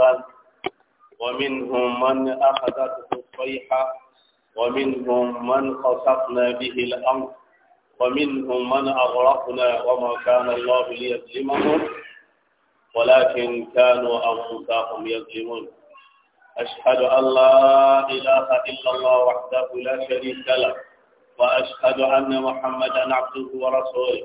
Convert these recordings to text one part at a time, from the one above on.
الأمثال ومنهم من أخذته الصيحة ومنهم من خسفنا به الأمر ومنهم من أغرقنا وما كان الله ليظلمهم ولكن كانوا أنفسهم يظلمون أشهد أن لا إله إلا الله وحده لا شريك له وأشهد أن محمدا عبده ورسوله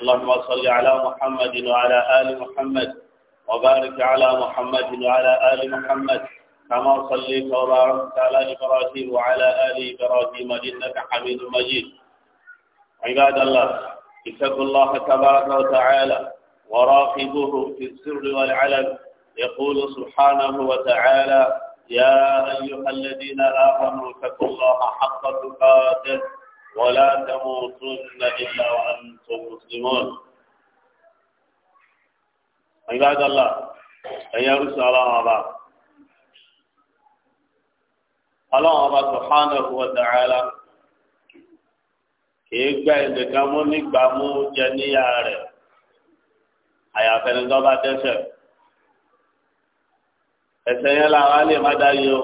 اللهم صل على محمد وعلى آل محمد وبارك على محمد وعلى آل محمد كما صليت وباركت على إبراهيم وعلى آل إبراهيم إنك حميد مجيد عباد الله اتقوا الله تبارك وتعالى وراقبوه في السر والعلن يقول سبحانه وتعالى يا أيها الذين آمنوا اتقوا الله حق تقاته ولا تموتن إلا وأنتم مسلمون ìbádọ́là ẹ̀yẹ rúṣọ ọlọ́run ọba ọlọ́run ọba subhanahu wa ta'ala kìí gba ẹnìkan mú nígbà mú jẹ níyà rẹ̀ àyàfẹ́ni tó bá dẹ́ṣẹ̀ ẹ̀ṣẹ̀ yẹn làwọn á lè má dá yìí o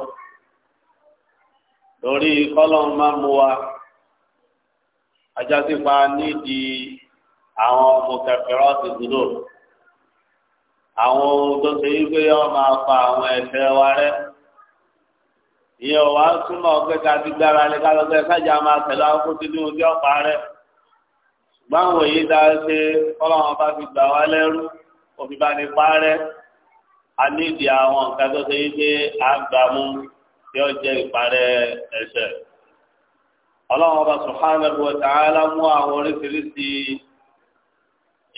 lórí kọ́lọ́run máa mú wa ajá sí pa nídìí àwọn mọ̀kẹ́fẹ́rọ́ ti dúró àwọn ohun tó ṣe wípé wọn máa fa àwọn ẹsẹ̀ wa rẹ ìyẹn wà á túmọ̀ pé ká fi gbára lé ká lọ pé sájà máa tẹ̀lé àwọn kó tínú ojú ọ̀pá rẹ gbáwọn èyí dá ṣe kọ́lọ́wọn bá fi gbà wá lẹ́rú òfin bá ní parẹ́ a nídi àwọn nǹkan tó ṣe wípé a gbà mú tí ó jẹ́ ìparẹ́ ẹsẹ̀ ọlọ́wọ́n bá subhanahu wa ta'ala mú àwọn oríṣiríṣi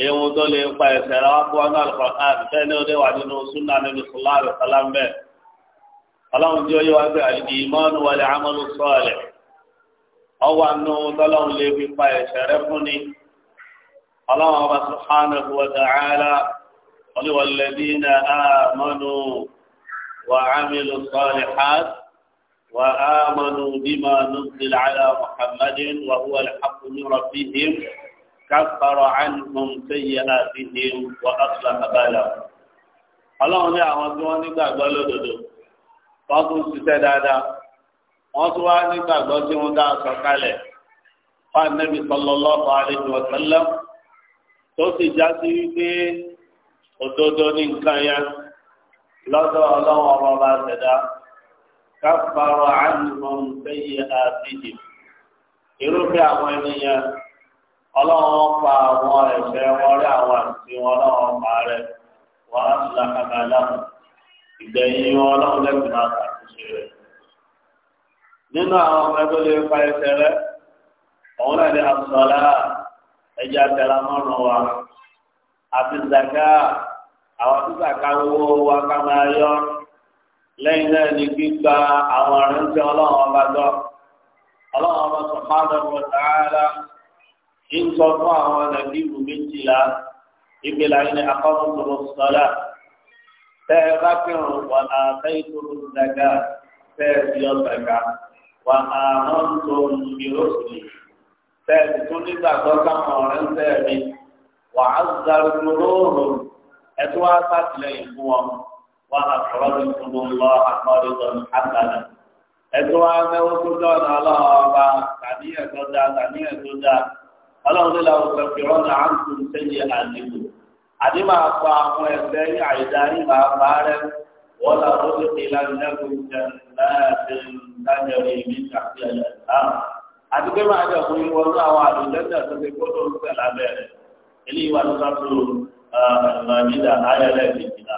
ewu tó lè pa ẹsẹ̀ rẹ̀ wá kó wọn náà lọ́kọ̀ náà bẹ́ẹ̀ ni ó dé wà nínú súnà nínú sọlá rẹ̀ sọlá bẹ́ẹ̀. ọlọ́run tí ó yẹ wá pé àlìdí ìmọ̀ọ́nù wọlé amọ́lù sọ́ọ̀lẹ̀ ọwọ́ àánú tọ́lọ́run lè fi pa ẹsẹ̀ rẹ̀ fún ni. ọlọ́run ọba subhanahu wa ta'ala olùwàlẹ́dínà àmọ́nù wà ámìlù sọ́ọ̀lẹ̀ hàt wà ámọ́nù bímọ kabbara anhum sayyi'atihim wa aslaha balahum. ọlọ́run ní àwọn tí wọ́n nígbàgbọ́ lódodo wọ́n tún ṣiṣẹ́ dáadáa wọ́n tún wá nígbàgbọ́ tí wọ́n dá aṣọ kalẹ̀ fún anabi sallallahu alaihi wa sallam tó sì já sí wípé òdodo ní nǹkan yẹn lọ́dọ̀ ọlọ́run ọba bá ṣẹ̀dá kabbara anhum sayyi'atihim irúfẹ́ àwọn ènìyàn ọlọ́run pa àwọn ẹ̀ṣẹ̀ wọn rí àwọn àti wọn ọlọ́run pa rẹ̀ wọ́n á ti làkàkà láwọn ìgbẹ̀yìn wọn ọlọ́run lẹ́sìn máa ṣàtúnṣe rẹ̀. nínú àwọn ọmọ ẹgbẹ́ lè pa ẹsẹ̀ rẹ̀ òun náà ní asọ́lá ẹja tẹ̀lámọ́nù wa àti zaka àwọn tí zaka wó wa ká máa yọ lẹ́yìn náà ní gbígba àwọn àrùn tí ọlọ́run ọba gbọ́ ọlọ́run ọba sọ̀kánà wọ̀ tààlà ń sọ fún àwọn nàbí ìlú méjìlá ìgbéla yìí ni akọ́mọ̀tòrò sọ́lá tẹ ẹ bá kírun wà á fẹ́yìn tó ló dàgá tẹ ẹ fi ọ́ dàgá wà á mọ́ tó ìró tẹ ẹ tó nígbàgbọ́ sáwọn ọ̀rẹ́ ń tẹ̀ mí wà á zàrú lóòrùn ẹ tó wá sátìlẹ́yìn fún wọn wà á sọ̀rọ̀ ní tuntun lọ àkọ́rẹ́dọ̀ àtàlà ẹ tó wá mẹ́wọ́ tó dọ̀nà ọlọ́ọ̀ba tàníyàn tó dáa tàníyàn tó dáa ọlọ́run ní làwọn kẹfìrọ́ ní à ń tún sẹ́yìn àdìgbò àdì máa pa àwọn ẹgbẹ́ àìdá yìí máa pa rẹ wọ́n là ó ti fi lànà ẹgbẹ́ ìdájọ́rì ní kàfíà yàtá àti pé máa jẹ́ òun ìwọ ní àwọn àdìjẹ́jẹ́ tó ti kó tó ń pẹ̀ lábẹ́rẹ́ eléyìí wà lọ́sà tó nàìjíríà ayẹlẹ́ ìdìbìlà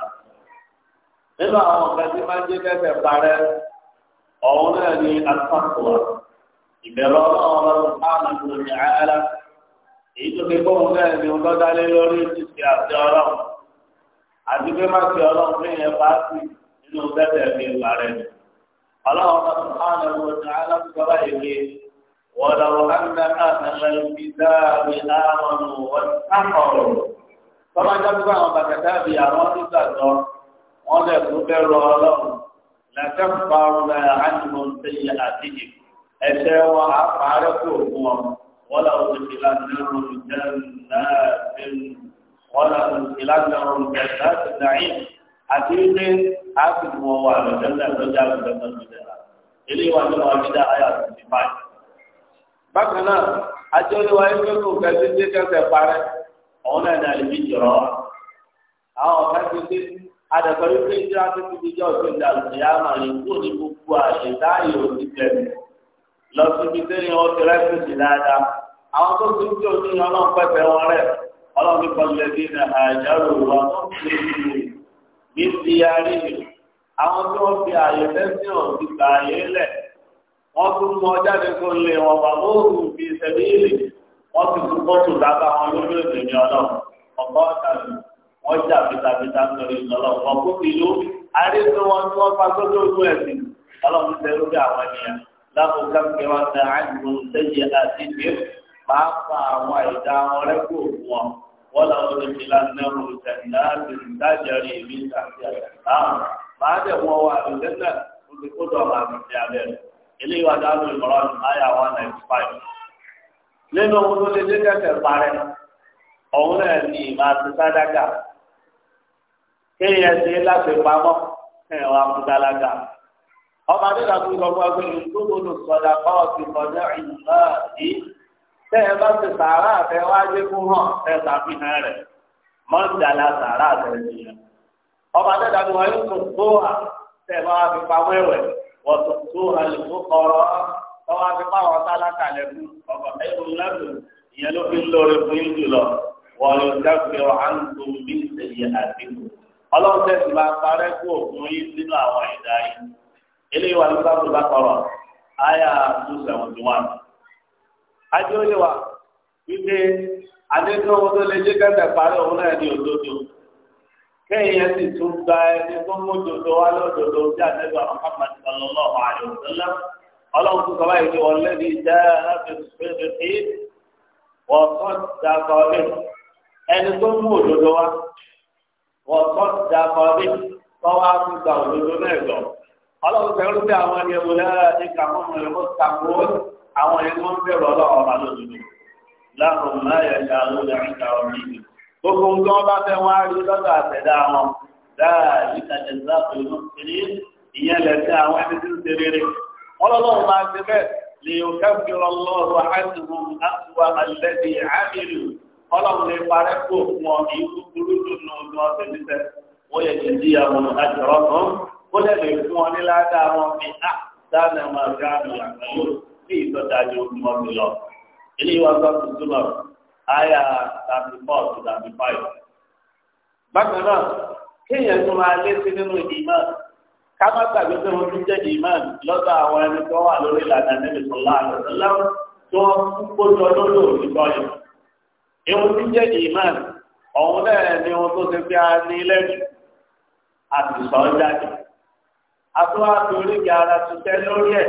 nínú àwọn ọ̀gá tí máa ń jẹ́ kẹ́kẹ́ parẹ́ ọ̀hún náà ní asàkùwà ìbẹ̀rù ọlọ́run ọlọ́run èyí tó fi kóhun náà ni wọn lọ́dá lórí ti fi àti ọlọ́run àti pé má fi ọlọ́run fi yẹn bá sí nínú bẹ́tẹ̀ mi ìgbà rẹ̀ ni. ọlọ́run náà tó hàn ní ibi dáàbì wọn tó bá àwọn wọn lè ń àti wọn ولو ادخلنهم جنات ولو ادخلنهم جنات النعيم حقيقة حاكم هو على جنة رجال جنة المدينة إلي وأنا واجدة آيات الصفات bákan náà ajọ́lé wa ẹgbẹ́ kò fẹ́ títí kẹsẹ̀ parẹ́ ọ̀hún náà ní àlejò jọ̀rọ̀ àwọn ọ̀gá ti dé adàkọ̀ yìí pé ìdíra tó ti di jọ́ òfin dàlùmí tẹ́lẹ̀ wọn ti rẹ́pẹ̀tì dáadáa àwọn tó ti ń jò ní nwere pẹ̀pẹ̀ wọn rẹ̀ ọlọ́run ní kọlẹ̀ bí ní àjárò wa tó ń pè é ní ti yarí àwọn tí wọ́n fi àyè fẹ́sí hàn ti àyè lẹ̀ wọ́n tún mọ jáde kó lè wọn wà lóòrùn fi ìṣẹ̀lẹ̀ wọ́n ti tún wọn lórí èdè ní ọlọ́run ọ̀pọ̀ ọ̀tàlù wọ́n jà nítorí máa fa àwọn àìdá wọn rẹ́pọ̀ fún wọn wọ́n làwọn lè fi lánàá wọn ìtẹ̀lá ti ń dájọ́ rí èmi àti àyàtà máa dẹ̀ wọ́n wà lẹ́sẹ̀ náà ó ti kó dọ̀ọ̀mà àti abẹ́ rẹ̀ eléyìí wà dáhùn ìmọ̀ràn àyà one ninety five nínú ohun tó lè dé parẹ́ ọ̀hún náà ní ìmọ̀ àti sádàkà kéèyàn ṣe láti pamọ́ ẹ̀ wà fún dálága. ọmọ adé làbúrò ọmọ ẹgbẹ́ tó lò sọ̀dà tẹ ẹ bá ti sàárà àfẹ wájú fún hàn ẹ rẹ mọ́ńdàlá sàárà àfẹ ọba tẹ dàbí wọn yóò tó tẹ ẹ bá wà fi pa wẹ́wẹ́ wọ́n tún tó àlùkò kọ̀ọ̀rọ̀ wọ́n fi pa wọn ìyẹn ló fi ń lórí fún yín jùlọ yóò bí ajé ó lè wà wípé adékọ́ owó tó lè jẹ́ kẹ́kẹ́ parí òun náà ní òdodo kéèyàn tu tún gba ẹni tó mú dodo wá lódodo sí àtẹ́gbẹ́ Muhammad sallallahu alaihi wasallam ọlọ́run tó sọ́wọ́ ìdí wọn lẹ́ni ìjà aláfẹ́sọ̀fẹ́ fi wọ́n tọ́ da kọ́ọ̀bẹ́ ẹni tó mú òdodo wá wọ́n tọ́ da kọ́ọ̀bẹ́ tọ́wọ́ á tún gba òdodo náà lọ ọlọ́run tẹ̀rù bí àwọn ẹni ẹ̀wò lẹ́yìn àti kàwọn ọmọ ẹ̀wò kàwọn ọmọ àwọn ẹgbẹ́ ń bẹ̀rù ọlọ́run ọba láàrùn láyẹ̀ ṣe ìlú gbogbo nǹkan bá fẹ́ rí lọ́dọ̀ àtẹ̀dá wọn wọ́n àjọ̀rọ̀ bí ìtọ́jà ni ó mọ́ mi lọ. ilé ìwà sọ fún túmọ̀ àyà tàbí fọ́ọ̀tù tàbí fáyọ̀. bákan náà kéèyàn tó máa lé sí nínú ìmọ̀ ká má gbàgbé pé wọ́n ti jẹ́ ìmọ̀ lọ́dọ̀ àwọn ẹni tó wà lórí ìlànà níbi sọ̀lá àtẹ̀sọ́lá tó kó jọ lórí òṣìṣọ́ yìí. ìwọ̀n ti jẹ́ ìmọ̀ ọ̀hún náà ni wọ́n tó ti fi á ní lẹ́nu àtìsọ́ jáde. àtúwà torí kí ara ti lórí ẹ̀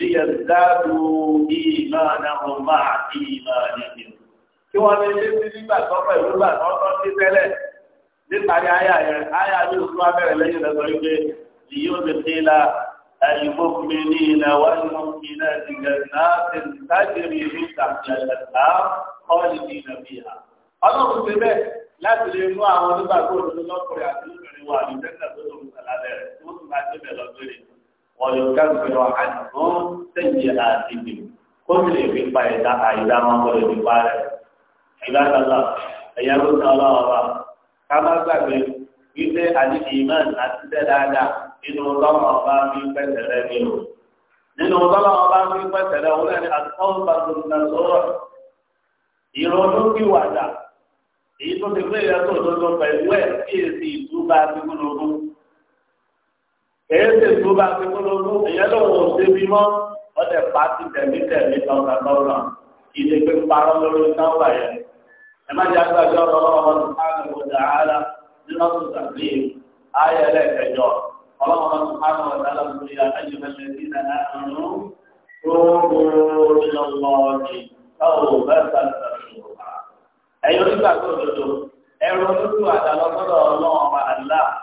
ليزدادوا إيمانهم مع إيمانهم kí wọ́n lè lé sí nígbà tó pẹ̀lú nígbà tó tọ́ sí tẹ́lẹ̀ níparí àyà yẹn àyà yóò tún abẹ́rẹ́ lẹ́yìn rẹ̀ sọ́yìn pé yóò lè fi la ẹ̀yìnbókùnmí ní ilẹ̀ wáyé mọ́kùnmí náà ti gẹ̀ẹ́nà ti ń sájèrè ní ìtàkùnlẹ̀ náà kọ́ọ̀lì ní ilẹ̀ bí i ha. ọlọ́run ti bẹ́ẹ̀ láti lè mú àwọn nígbà tó lọ́kùnrin àti lóbìnrin wà ní tẹ́tẹ̀ tó lọ́kùnrin àlẹ́ rẹ̀ tó tún bá tẹ́tẹ̀ lọ́gbẹ̀rẹ̀ ويكفر عنهم سيئاتهم كل في فائدة أيضا ما قل في فائدة عباد الله أيام الله كما قال إذا الإيمان أتدلى إن الله ما في فسد منه إن الله ما في فسد ولا التوبة النصوح يرونك وعدا إذا تقول يا سيدي pẹ̀lú ẹ̀ kí èsì ìtúbà tí kúlógún kèése tó bá ti kó lóko ìyẹn ló wò ṣe mọ́ ọ̀dẹ̀ pàtì tẹ̀mí tẹ̀mí tọ́ka tọ́ka kì pé parọ́ lórí sáwà yẹn ẹ má jẹ́ àgbàjọ ọ̀rọ̀ ọ̀rọ̀ sùpánù ọ̀dà ara nínú ọ̀sùn آية لا تجار الله سبحانه وتعالى يقول يا أيها الذين آمنوا توبوا إلى الله توبة ẹ̀rọ ọlọ́run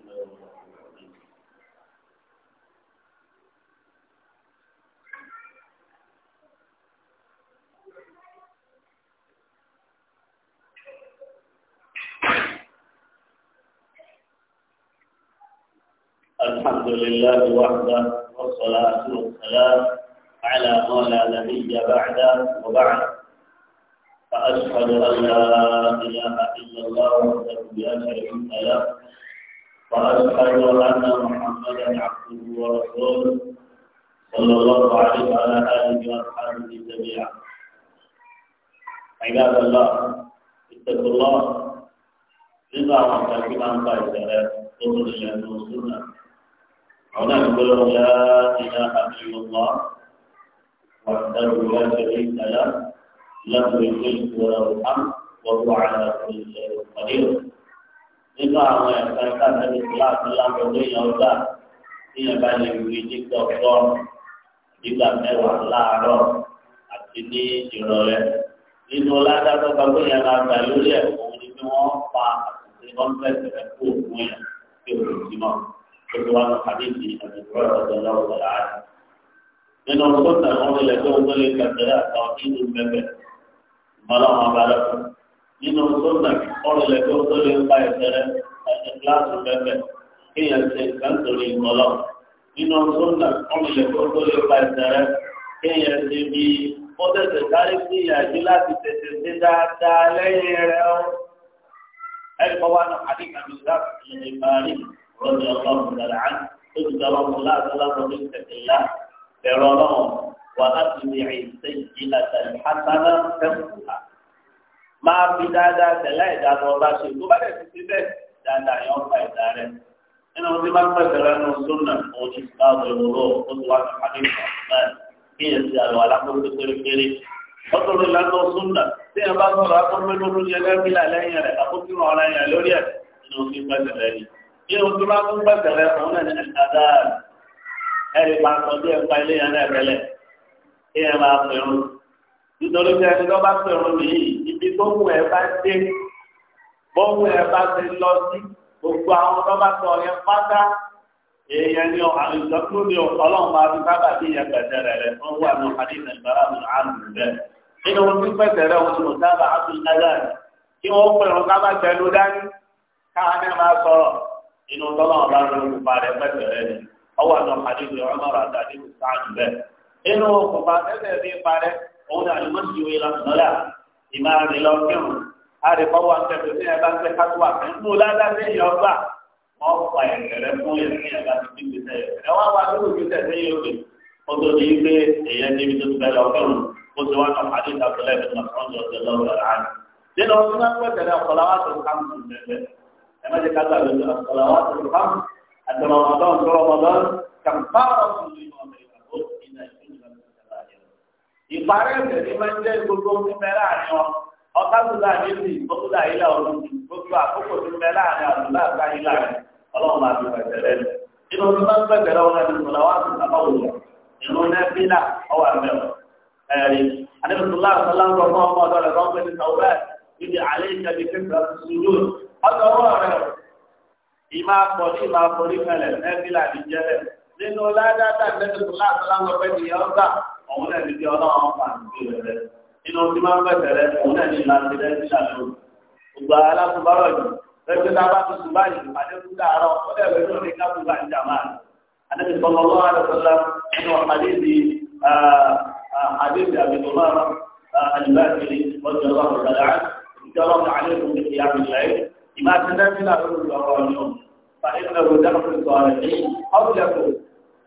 الحمد لله وحده والصلاة والسلام على ما لا نبي بعده وبعد فأشهد أن لا إله إلا الله وحده لا شريك له وأشهد أن محمدا عبده ورسوله صلى الله عليه وعلى آله وأصحابه جميعا عباد الله اتقوا الله رضا وكافئا قائدا رسول الله وسلم àwọn náà ń gbọ́dọ̀ ya ìyá àti ìwọ̀nba wà dáru ya ṣẹlẹ̀ ìtàlá láti ìwé ìwọ̀nba ọ̀hán wọ́pọ̀ àlà ìṣẹ̀ ìpàdé rẹ̀. nínú àwọn ẹ̀ka ẹ̀ka tẹ̀lé kíláàsì lábẹ́ ọdún ìyá ọjà ní ẹ̀ka lè wí nígbà ọ̀gbọ́n nígbà mẹ́wàá láàárọ̀ àti ní ìrọ̀lẹ́. nínú ládàbọ̀ gbàgbé yẹn la gbà lórí ẹ̀ òun ni wọ́n fa àtúnṣe kọ́ńtẹ́ẹ̀tì rẹ̀ kó òkú yẹn kí òkú sí náà. عدوان حبيبي أبي هريرة رضي الله تعالى عنه nínú sọ́tà àwọn ilẹ̀ tó ń gbélé kàtẹ́rẹ́ àtàwọn nínú mẹ́fẹ́ ìmọ̀láwọn abala fún nínú sọ́tà àwọn ilẹ̀ tó ń gbélé ńpa ìtẹ́rẹ́ àti kíláàsì mẹ́fẹ́ kéèyàn ṣe ìkàntòrí ìmọ̀lá nínú sọ́tà àwọn ilẹ̀ tó ń gbélé ńpa ìtẹ́rẹ́ kéèyàn ṣe bí رضي الله تعالى عنه قلت رب الله صلى الله عليه وسلم فرارهم وأتبع السجلة الحسنة تمسها máa fi dáadáa tẹ̀lé ìdáná ọba ṣe tó bá dẹ̀ ti ti bẹ́ẹ̀ dáadáa yẹn ọ̀pá ìdá rẹ̀ nínú tí bá ń pẹ̀sẹ̀ lẹ́nu sọ́nà òun ti fi dáàbò ìwòrò ó ti wá sí adé náà kí yẹn ti àlọ́ alákòóso pérépéré ọ̀tọ̀ ló lẹ́nu sọ́nà tí yẹn bá sọ̀rọ̀ akọ́gbẹ́nu lórí ẹlẹ́gbẹ́lá lẹ́yìn rẹ̀ àkókò ìrànlọ́yìn lórí ẹ̀ nínú tí bá ń pẹ̀sẹ̀ lẹ́yìn. nínú tó bá tún gbẹ̀sẹ̀ rẹ fún náà ní ẹ̀ka ẹ̀rí pa sọ bí ẹ̀ka ilé yẹn náà tẹ́lẹ̀ kí ẹ máa pè ọ́n nítorí pé ẹni tó bá pè ọ́n nìyí ibi tó mú ẹ bá dé bó mú ẹ bá ti lọ sí gbogbo àwọn tó bá sọ yẹn pátá èèyàn ni àlùjọ tó ní ọlọ́run máa fi sábà bí yẹn gbẹ̀sẹ̀ rẹ rẹ fún wà ní hadith ìbára mi àlù rẹ nínú wọn tún gbẹ̀sẹ̀ rẹ wọn lò sábà àtúntàgà kí wọ́n pè ọ́n sábà tẹnu dání káwọn ẹ̀ máa sọ̀rọ̀ inú tọ́lá wọn bá ń lo òkùnfà rẹ̀ pẹ́tẹ̀rẹ́ ni ọwọ́ àná àdéhùn ọmọ rà àdéhùn sáájú bẹ́ẹ̀. inú òkùnfà tẹ́tẹ̀ bí parẹ́ òun náà ni wọ́n ti wé lọ́sọ̀lá ìmọ̀ rẹ̀ lọ kírun àrèkọ́ wa ń tẹ̀sọ̀ sí ẹ̀bá ṣe ká tó wà fún un ládá sí ìyọba wọ́n pa ẹ̀rẹ̀ fún ẹ̀rẹ̀ ẹ̀bá ti fi gbèsè ẹ̀rẹ̀ wá wá lórí tó ti fẹ́ lọ kírun wá náà pàdé لما ذكرت الصلوات الخمس أن رمضان كرمضان كفارة لما بينهن إلى كل من ìparí ẹsẹ̀ ní máa ń jẹ́ gbogbo ohun mẹ́ láàrin ọ ọ̀kadùnlá méjì gbọ́dúnlá ilé ọ̀run gbogbo àkókò tó mẹ́ láàrin àdúgbò àgbá ilé rẹ̀ ọlọ́run máa fi pẹ̀sẹ̀ rẹ̀ lẹ̀. inú tó máa ń pẹ̀sẹ̀ rẹ̀ wọn ni sọ̀rọ̀ wá sí sábà wò inú nẹ́fílà ọwọ́ àmẹ́wò ẹ̀rí adébẹ̀tò láàrín sọ́lá ń rọ̀ mọ́ ọmọ ọ̀dọ́ rẹ̀ rọ́pẹ́ ní sàwọ́ ọ̀dọ̀wọ́ rẹ̀ ìmọ̀ àpọ̀ ní ìmọ̀ àpọ̀ ní mẹ́lẹ̀ nẹ́bílà ní jẹ́lẹ̀ nínú ládàtà nẹ́bílà láti láwọn ọ̀pẹ́ ní ọgbà òun náà ní bí ọlọ́run pa nínú rẹ̀ nínú tí máa ń bẹ̀rẹ̀ rẹ̀ òun náà ní láti nẹ́bílà lóru gbogbo alákùnbárọ̀ yìí lẹ́gbẹ́ tá a bá ti sùn báyìí ìpàdé fún dàárọ̀ ó dẹ̀ bẹ̀rẹ̀ lórí kábùbà ń jàmá àdébí sọlọ́lọ́ àdébọ́lá nínú àdébí àdébí àbíkọ́lá àdébí àbíkọ́lá àdébí àbíkọ́lá àdébí àbíkọ́lá ìmá ti lẹ́sìn àlórí ọ̀rọ̀ ọ̀yọ́ fàníkùnrin ọ̀dọ́kùnrin sọ̀rọ̀ ní ọ̀pọ̀lọpọ̀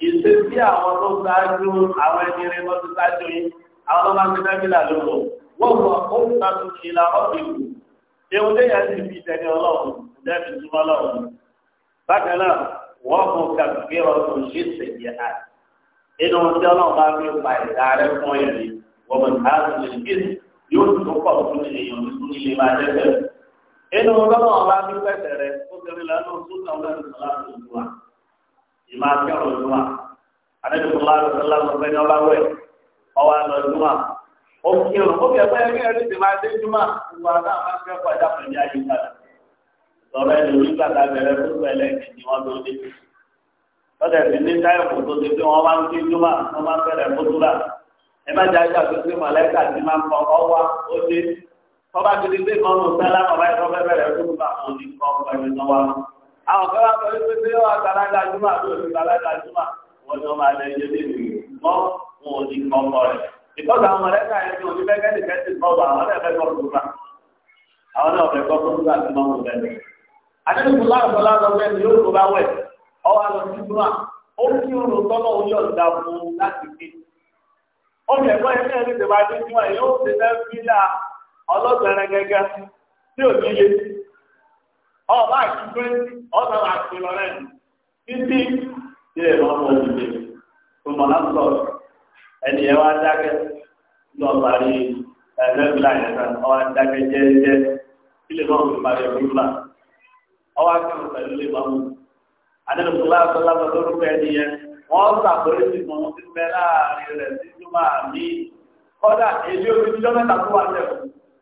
ìṣe sí àwọn tó ṣáájú àwọn ẹni rẹ lọ́dún ṣáájú yìí àwọn tó máa ń lẹ́sìn àlórí wọ́n wọ ọ̀pọ̀lọpọ̀ tó ṣe la ọ̀pẹ̀lú ewu lẹ́yìn àti ibi ìtẹ̀lé ọlọ́run lẹ́bi túmọ̀ ọlọ́run bákan náà wọ́n mú kàgbé ọ̀tún ṣe ṣèyí à inú tí ọlọ́run bá fi pa ìdá inú lọ́nà ọ̀la ní pẹ̀sẹ̀ rẹ̀ ó ti rìn lẹ́nu súnà ọlọ́run sọ̀rọ̀ ìlúwa ìmọ̀ akẹ́rọ̀ ìlúwa adébísọ̀lá ìlúwa lọ́gbẹ́ ní ọláwẹ̀ ọwọ́ àlọ́ ìlúwa ó kí ọ̀rọ̀ ó fi ẹgbẹ́ ẹgbẹ́ rẹ̀ ti máa dé júmọ̀ ìwà náà máa ń kẹ́kọ̀ọ́ ẹ̀dá pẹ̀lú ayé padà sọ̀rọ̀ ẹni orí gbàgbà bẹ̀rẹ̀ fún pẹ̀lẹ́ kìíní wọn tó dé lọ́dẹ̀ sí ní táìpù tó ti pé wọ́n máa ń kí júmọ̀ wọ́n máa ń bẹ̀rẹ̀ fótúrà ẹ má jẹ́ àjọ àti pé mọ̀lẹ́kà ti máa ń kọ́ ọ wá ọba tètè pé kan ló sẹ́lá ọba ìtọ́ fẹ́ bẹ̀rẹ̀ tó bá wọn ní kọ́ ọba ìtọ́ wa. àwọn kan wá sọ pé pé ó àgbàlagbà júmọ̀ àti òṣèlú júmọ̀ wọn ni wọn máa lẹ ẹyẹ lébi mọ wọn ò ní kọ́ ọkọ rẹ̀. ìtọ́jú àwọn mọ̀lẹ́kà yẹn ni onífẹ́kẹ́ nìkẹ́ ti kọ́ ọba àwọn ẹ̀fẹ́ fẹ́ kọ́ ọ̀tún ọlọ́gbẹ̀rẹ̀ gẹ́gẹ́ tí ò níye ọba àtúgbé ọ̀sán àti lọ́rẹ́ títí tí ẹ̀ ìdílé ọmọ ẹni ẹ wá dákẹ́ ọwá dákẹ́ kí lè máa ọwá kẹ́rù pẹ̀lú lè máa mú wọ́n sí mọ́ rẹ̀ sí àmì kọ́dà èyí ò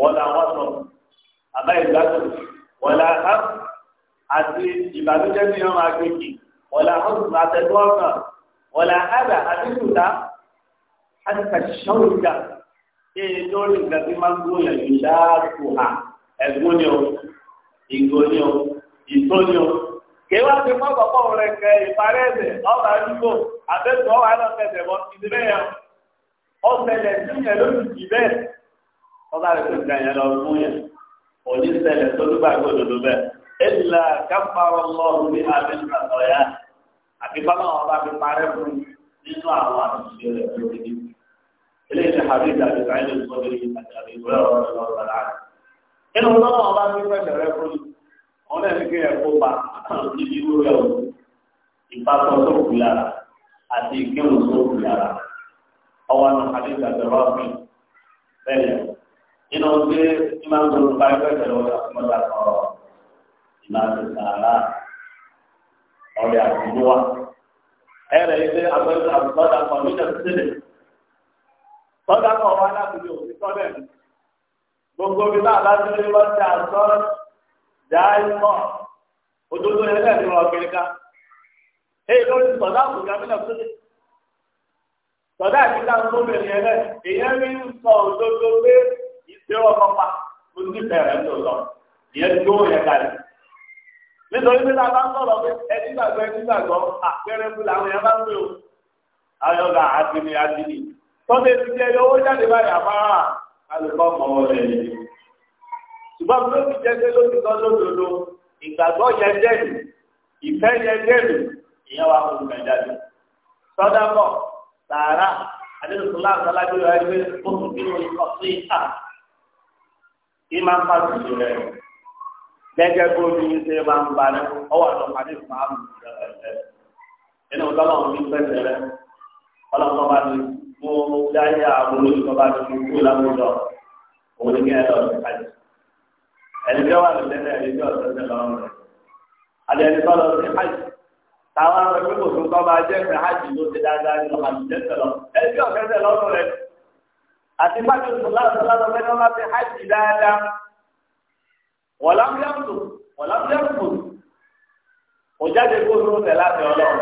wala wasọ àbá ìgbádùn wala ham àti ìbànújẹ́ ní ọmọ agbègbè wala ham àtẹ̀tọ́ ọ̀kan wala hàdà àti ìtùtà àti kàṣíṣọ́rùjà ṣé lórí nǹkan tí máa ń gbóyè ìṣáàtù hà ẹ̀gbọ́n ni o ìgò ni o ìtò ni o kéwàá ti mọ́ bọ̀bọ̀ rẹ̀ kẹ ìparẹ́ ẹ̀sẹ̀ ọba àdúgbò àbẹ́sọ̀ wà lọ́sẹ̀ tẹ̀wọ́ ìdílé yẹn ọ̀sẹ̀ lẹ̀ ọba rẹ̀ kò kàn yẹn lọ fún yẹn òní ṣẹlẹ̀ tó ló bá gbòdòdó bẹ́ẹ̀ ẹ̀là kápárọ̀ lọ́rùn ní abẹ́ ìgbàlọ́yà àti báwọn ọba fi parẹ́ fún nínú àwọn àtúnṣe rẹ̀ lórí ní. eléyìí ti hàbí ìdàgbé sáyẹn lè sọ lórí àjàgbé ìwé ọ̀rọ̀ lọ́rọ̀ láàrín. inú tọ́lá ọba fi fẹ̀sẹ̀ rẹ fún mi wọn náà ní kí ẹ kó pa níbi irú rẹ o ìbátan tó kù lára àti ìkéwòn tó kù lára ọwọ́ àwọn àdéhùn àgbẹ̀rọ̀ ọ̀gbìn bẹ́ẹ̀ nínú gbé tí máa báyìí pẹ̀lú ọ̀rọ̀ àti mọ́tà kọ̀ọ̀ ìmáàmù sàrà ọ̀rẹ́ àtúndó wa. ẹ̀rẹ̀ ilé abẹ́rẹ́ àtúndọ́dà kan ní ìjọba sílẹ̀. tọ́jà kan wá lábìlì òfin sọ́dẹ̀ gbogbo bí náà láti lé àtọ́ mọ́ ọ̀gbìn ká. lórí sọ̀dá sílẹ̀ sọ̀dá àti ìṣe ọkọ pa ti bẹ̀rẹ̀ ní ọlọ ìyẹn tí yẹ kalẹ̀ nítorí pé ta bá ń sọ̀rọ̀ pé ẹni gbàgbọ́ ẹni gbàgbọ́ àpẹẹrẹ fún làwọn yẹn bá ń pè ó ayọ̀gà àdìní àdìní tọ́lá ètò ìjẹ owó jáde báyìí àbára alùpàá mọ́ ọ̀rẹ́ yìí ṣùgbọ́n mi ló ti jẹ́ pé lóṣù kan lódodo ìgbàgbọ́ yẹn dẹ́nu ìfẹ́ yẹn dẹ́nu ìyẹn wà fún ìgbà jáde sọ́dá bọ̀ sàárà adéṣọ́lá àtàlájú rẹ̀ pé ó tún bí wọn kọ́ sí ìta. Ima m'a ń bá tòṣe bó ní ṣe máa ń ba rẹ̀ àti ọ̀pá ní ìfọ̀ àmì rẹ̀ nínú tọ́lọ́run ní pẹ̀lẹ́ rẹ̀ ọlọ́run tó bá ní mú dáyé àwọn olùkọ́ba tó ní kú òun ní kí ẹ lọ sí kájí ẹni tí ẹni tí àti ẹni lọ sí kájí táwọn kọ́ jẹ́ hájì ló ti dáadáa nínú àti bájú sọláṣọláṣọ fẹ́ lọ́la ti hajj dáadáa wọ̀lámúyàmùtò wọ̀lámúyàmùtò kò jáde kó ló ń tẹ̀ láti ọlọ́run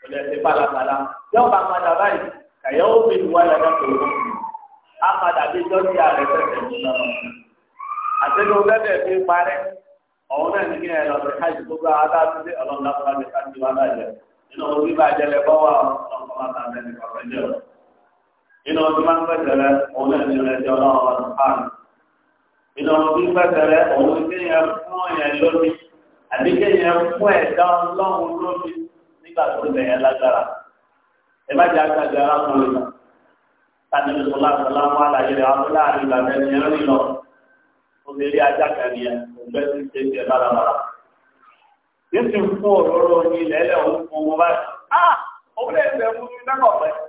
kò lè ti balabala yóò bá padà báyìí kàyọ́ ó fi wá yàrá tó lọ á padà bí jọ́sí ààrẹ fẹ́fẹ́ mú lọ. àtẹ́lẹ́ ọ̀gẹ́dẹ̀ fi parẹ́ ọ̀hún náà ní kí ẹ lọ sí hajj gbogbo adájú sí ọlọ́run lápá ní kájú nínú ọdún máa ń pẹ̀tẹ̀lẹ̀ òun náà ní ìrẹsì ọlọ́run ọdún pààlù nínú ọdún pẹ̀tẹ̀lẹ̀ òun ní kéèyàn fún ọ̀yàn lómi àbí kéèyàn fún ẹ̀dá ọlọ́run lómi nígbà tó bẹ̀yẹ lágbára ẹ má jẹ́ àgbàdo arákùnrin náà tani bisola bisola mu alaye rẹ wọn bọlá àti ìgbà bẹ́ẹ̀ ní ẹrú lọ obìnrin ajá kan ni ẹ ògbẹ ti ṣe tiẹ̀ ah òun lè fẹ́ fún mi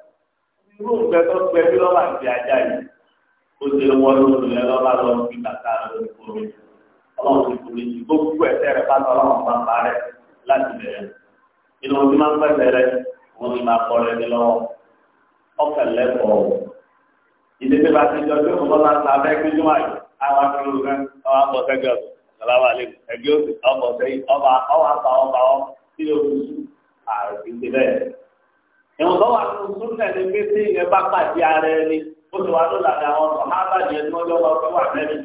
irú nǹkan tó gbẹ bí lọ́ba ti ajá yìí ó ti wọ́n lóṣù lẹ́ lọ́ba lọ fi bàtà lórí kúrò ọlọ́run ti kúrò yìí gbogbo ẹ̀sẹ̀ rẹ̀ pátá ọlọ́run bá pa rẹ̀ láti bẹ̀rẹ̀ nínú ojú máa ń pẹ̀sẹ̀ rẹ̀ wọ́n ti máa kọ́ rẹ̀ ní lọ́wọ́ ọkàn lẹ́kọ̀ọ́ ilé tí bá ti jọ pé mo lọ́la ta abẹ́ gbẹ́jú wáyé àwọn akérò rẹ̀ ọwọ́ àpọ̀ sẹ́gẹ̀ sàlámà lè ẹgbẹ́ òsì ọkọ̀ sẹ́yìn ọba ọwọ́ àpà ọba ọ ìwọ̀n tó wà nínú súnlẹ̀ ní pé tí ìyẹn bá pàdé ara ẹni ó ti wà ló làdà àwọn ọ̀sán má bàjẹ́ wọ́n jọ lọ wà mẹ́rin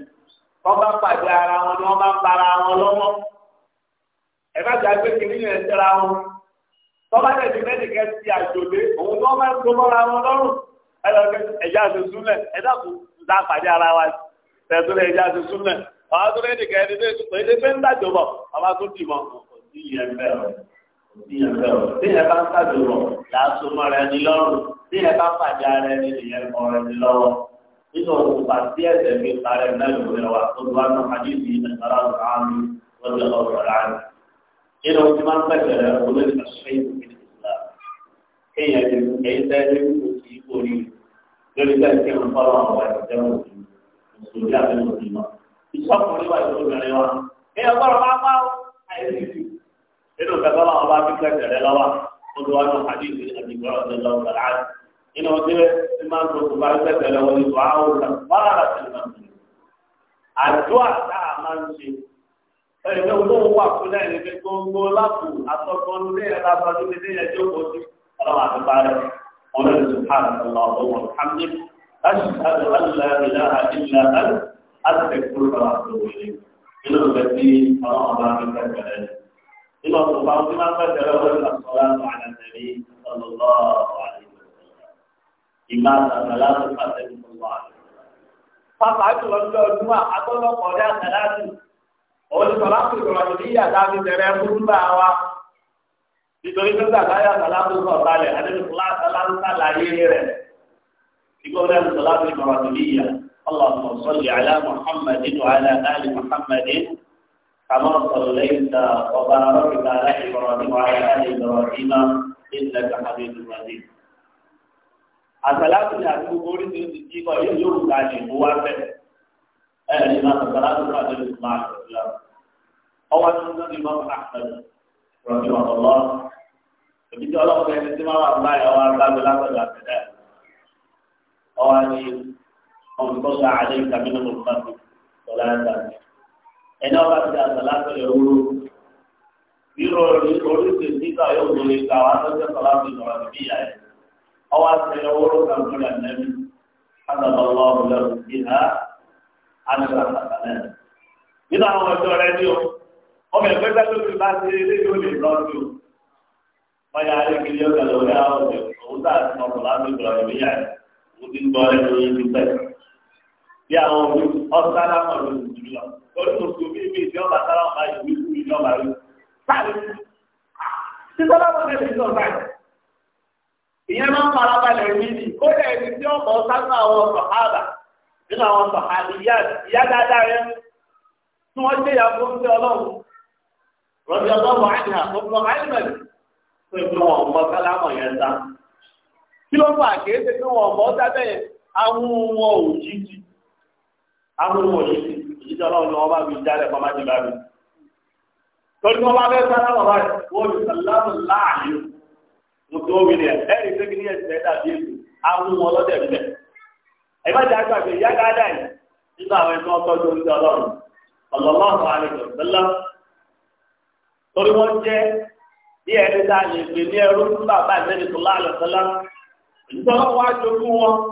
wọ́n bá pàdé ara wọn ni wọ́n bá ń para wọn lọ́wọ́ ẹ bá jà pé kiri yẹn tẹ́ra wọn tọ́ba tẹ̀ ní mẹ́tìkẹ́ ti àjòlé òun tó máa ń tó mọ́ra wọn lọ́rùn ẹ lọ pé ẹ̀já àti súnlẹ̀ ẹ dàkú dá pàdé ara wa tẹ̀sílẹ̀ ẹ̀já àti súnlẹ̀ ọ̀hún tó mẹ́tìkẹ́ ẹni tó bí ẹgbẹ́ o bí ẹ bá ń sàdúrọ̀ làásù mọ́ra ẹni lọ́rùn bí ẹ bá pàdé ara ẹni nìyẹn mọ́ra ẹni lọ́wọ́ nínú òkú pàṣẹ ẹsẹ̀ mi parẹ́ lẹ́nu rẹ̀ wà tó lu àná àdìsí ìmẹ̀sára ọ̀rọ̀ àmì lọ́jọ́ ọ̀rọ̀ àmì. nínú tí máa ń pẹ̀sẹ̀ rẹ̀ olóyè ṣẹ́yìn ìpínlẹ̀ ìsìlá kéèyàn ti kéyìn sẹ́yìn kò sí orí lórí sẹ́yìn kí wọ́n fọ́lọ́ àwọn ọ̀rọ̀ ẹ̀jẹ̀ wọn nínú kẹfẹ́ làwọn bá fi kẹsẹ̀ rẹ lọ́wọ́ wọn tó wá ní hadithi àdìgbò ọ̀dọ̀ lọ́wọ́ gbàlá nínú ọdún tí máa ń tó tó bá fi kẹsẹ̀ rẹ wọlé tó àwọn olùkàfàrà ti máa ń tó àdúrà tá a máa ń ṣe ẹgbẹ́ olóhùn wà fún náà ní pé gbogbo lápò àtọ́gbọ́n lé ẹ̀ lábàdún ní ilé ẹjọ́ kò sí ọlọ́wà tó bá rẹ̀ wọn lè sùn hàn lọ́wọ́ wọn hàmdí láti ṣàdùn àlùlá ìlà àdìlà àti àtẹ̀kùrọ̀ àtọ̀wé nínú ìgbà tí ọlọ́wà bá ń bẹ̀rẹ̀ nínú ọ̀sán bá wọn tí máa ń pẹ̀sẹ̀ lọ́wọ́ ìgbà sọ́lá tó àdàtẹ̀lé ọlọ́lọ́ ìmá àtàlá tó pàṣẹ tó wà. Pápá jùlọ ní ọdún wa, atọ́lọ́pọ̀ ọ̀dẹ́ àtàlá tù. Òun ni sọ̀rọ̀ àpò ìrọ̀lẹ́ ìdí ìyàtà mi bẹ̀rẹ̀ fún bá wa. Nítorí pé sàtáyà àtàlá tó sọ̀ balẹ̀, àdébìsọ̀lá àtàlá tó sàlàyé rẹ̀. يقول لهم صلاة الإبراهيمية اللهم صل على محمد وعلى آل محمد كما صليت وباركت على إبراهيم وعلى آل إبراهيم إنك حميد مجيد àsàlátù ni àti gbogbo orí tó ti di kọ yóò yóò ka ní ìbú wa fẹ ẹ ẹ nínú àsàlátù náà lórí ìgbà àtúntò ọwọ́ tó ń lórí ìmọ̀ Ahmed rọ̀bì ọ̀lọ́ òbítí ọlọ́pàá ẹni tí máa wà báyìí ọwọ́ agbábọ látọ̀dọ̀ àtẹ̀dẹ́ ọwọ́ ni ọ̀nkọ́sọ àlẹ́ ìtàmínú mọ̀lúmọ́tò tọ́lá ẹ̀dá ẹni ọba ti àgbàlá tó lè wúlò rírọ oríṣi nígbà yóò tó lè ka wà lọ́jọ́ sọlá tó lọ́wọ́ níbí ìyá ẹ̀ ọwọ́ àtẹ̀yẹ wúlò kan tó lè nẹ́bí àgbàlá ọ̀hún lẹ́rù bí ha àgbà àgbàlẹ́ nínú àwọn ọjọ́ rẹ ní o ọmọ ẹgbẹ́ sẹ́kọ̀ọ́ ti bá ti ilé yóò lè lọ sí yà á lè kiri ọ̀gá lórí àwọn ọ̀gbẹ̀ òun tá àti ọ̀pọ̀ láti gbọ̀rọ̀ ìbí yà ẹ̀ òun ti ń gbọ́ ọ̀sálámà ló ń jù lọ. Olùkòkò mi mi ìdí ọba sálámà báyìí wí fún ìdí ọba rí. Sáré. Sísọ́lá wọn fẹ́ fi sọ báyìí. Ìyẹn máa ń farabalẹ̀ rí ni. Kódà ẹni tí ọkọ̀ sábà àwọn sọ̀hábà nínú àwọn sọ̀hábì ìyá dáadáa rẹ̀ tí wọ́n jẹ́ ìyá fún ṣé ọlọ́run. Rọ̀bì ọlọ́run àìní àkókò àìmọ̀lì tó ìpín wọn mọ sálámà yẹn sá. Kí ló fà kéé ṣe pé wọn mọ sábẹ́ àwọn ohun ọ̀hún jíjì. amúhùn òṣìṣẹ́ òṣìṣẹ́ ọlọ́run ọba mi jálẹ̀ pàmà jù bá mi. torí wọn bá fẹ́ sára wọn báyìí wọn mi sàlámù láàyè mo tó omi ni ẹ ẹ̀rí pé kí ni ẹ̀sìn ẹ̀ dàbí ìyá yìí nínú àwọn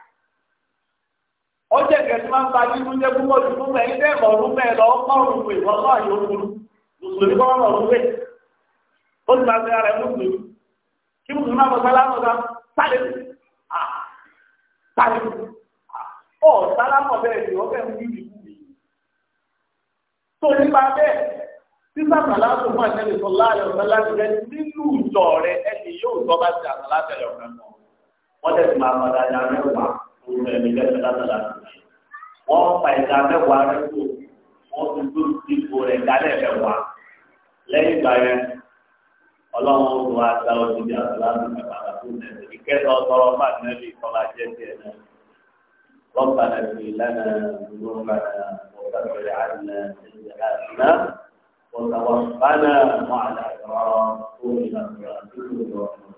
ọjọ́ ìgbẹ́ni máa ń ba nínú jẹ́ púpọ̀ jù fún mẹ́rin bẹ́ẹ̀ mọ̀ ọdún mẹ́rin lọ ọ̀rùn pè wọ́n lọ́ àyè òkúrú mùsùlùmí kọ́ ọ̀rùn ọ̀rùn pè ó ti máa ń bẹ̀rẹ̀ mùsùlùmí kí mùsùlùmí máa bọ̀ sálámọ̀ta sáré sáré ọ̀ sálámọ̀ bẹ́ẹ̀ ni ọ̀fẹ́ mú yìí tó nípa bẹ́ẹ̀ tí sàmàlà tó máa tẹ̀lé sọ láàrin ọ̀sán láti ìwé ẹ̀mí lẹ́sẹ̀ látàlá wọ́n pa ìdá mẹ́wàá rẹ̀ kú wọ́n fi tó ipò rẹ̀ dálẹ̀ mẹ́wàá lẹ́yìn ìgbà yẹn ọlọ́run tó wá gba ọdún bí àtàlá ní ìpàdà tó nẹ̀ ìkẹta ọtọrọ fàdínẹ́lì kọlá jẹ́ tiẹ̀ náà ربنا اغفر لنا ذنوبنا وكفر عنا سيئاتنا وتوفنا مع الأبرار وإلى صراطك الرحمن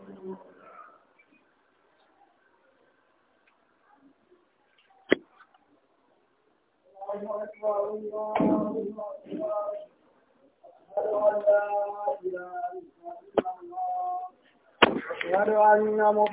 Hare Krishna, Hare Krishna, Krishna Krishna, Hare Hare.